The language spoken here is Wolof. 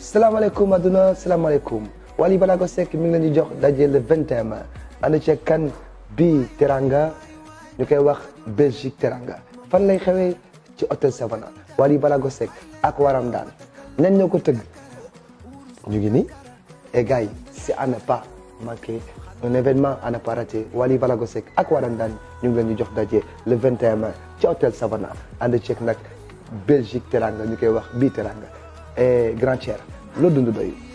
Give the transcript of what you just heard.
salaamaaleykum adduna salaamaaleykum Wally Ballago Seck mi ngi leen di jox daje le 21 mai ànd ci kan bii Teranga ñu koy wax Belgique Teranga fan lay xewee ci hôtel Savana Wally Ballago Seck ak waram daan ñan ñoo ko tëgg ñu ngi ni et gars yi c'est à ne pas manquer un événement à ne pas rater Wally ak waram daan ñu ngi leen di jox daje le 21 mai ci hôtel Savana ànd ci nag Belgique Teranga ñu koy wax bii Teranga ee grandchera loo dundadayo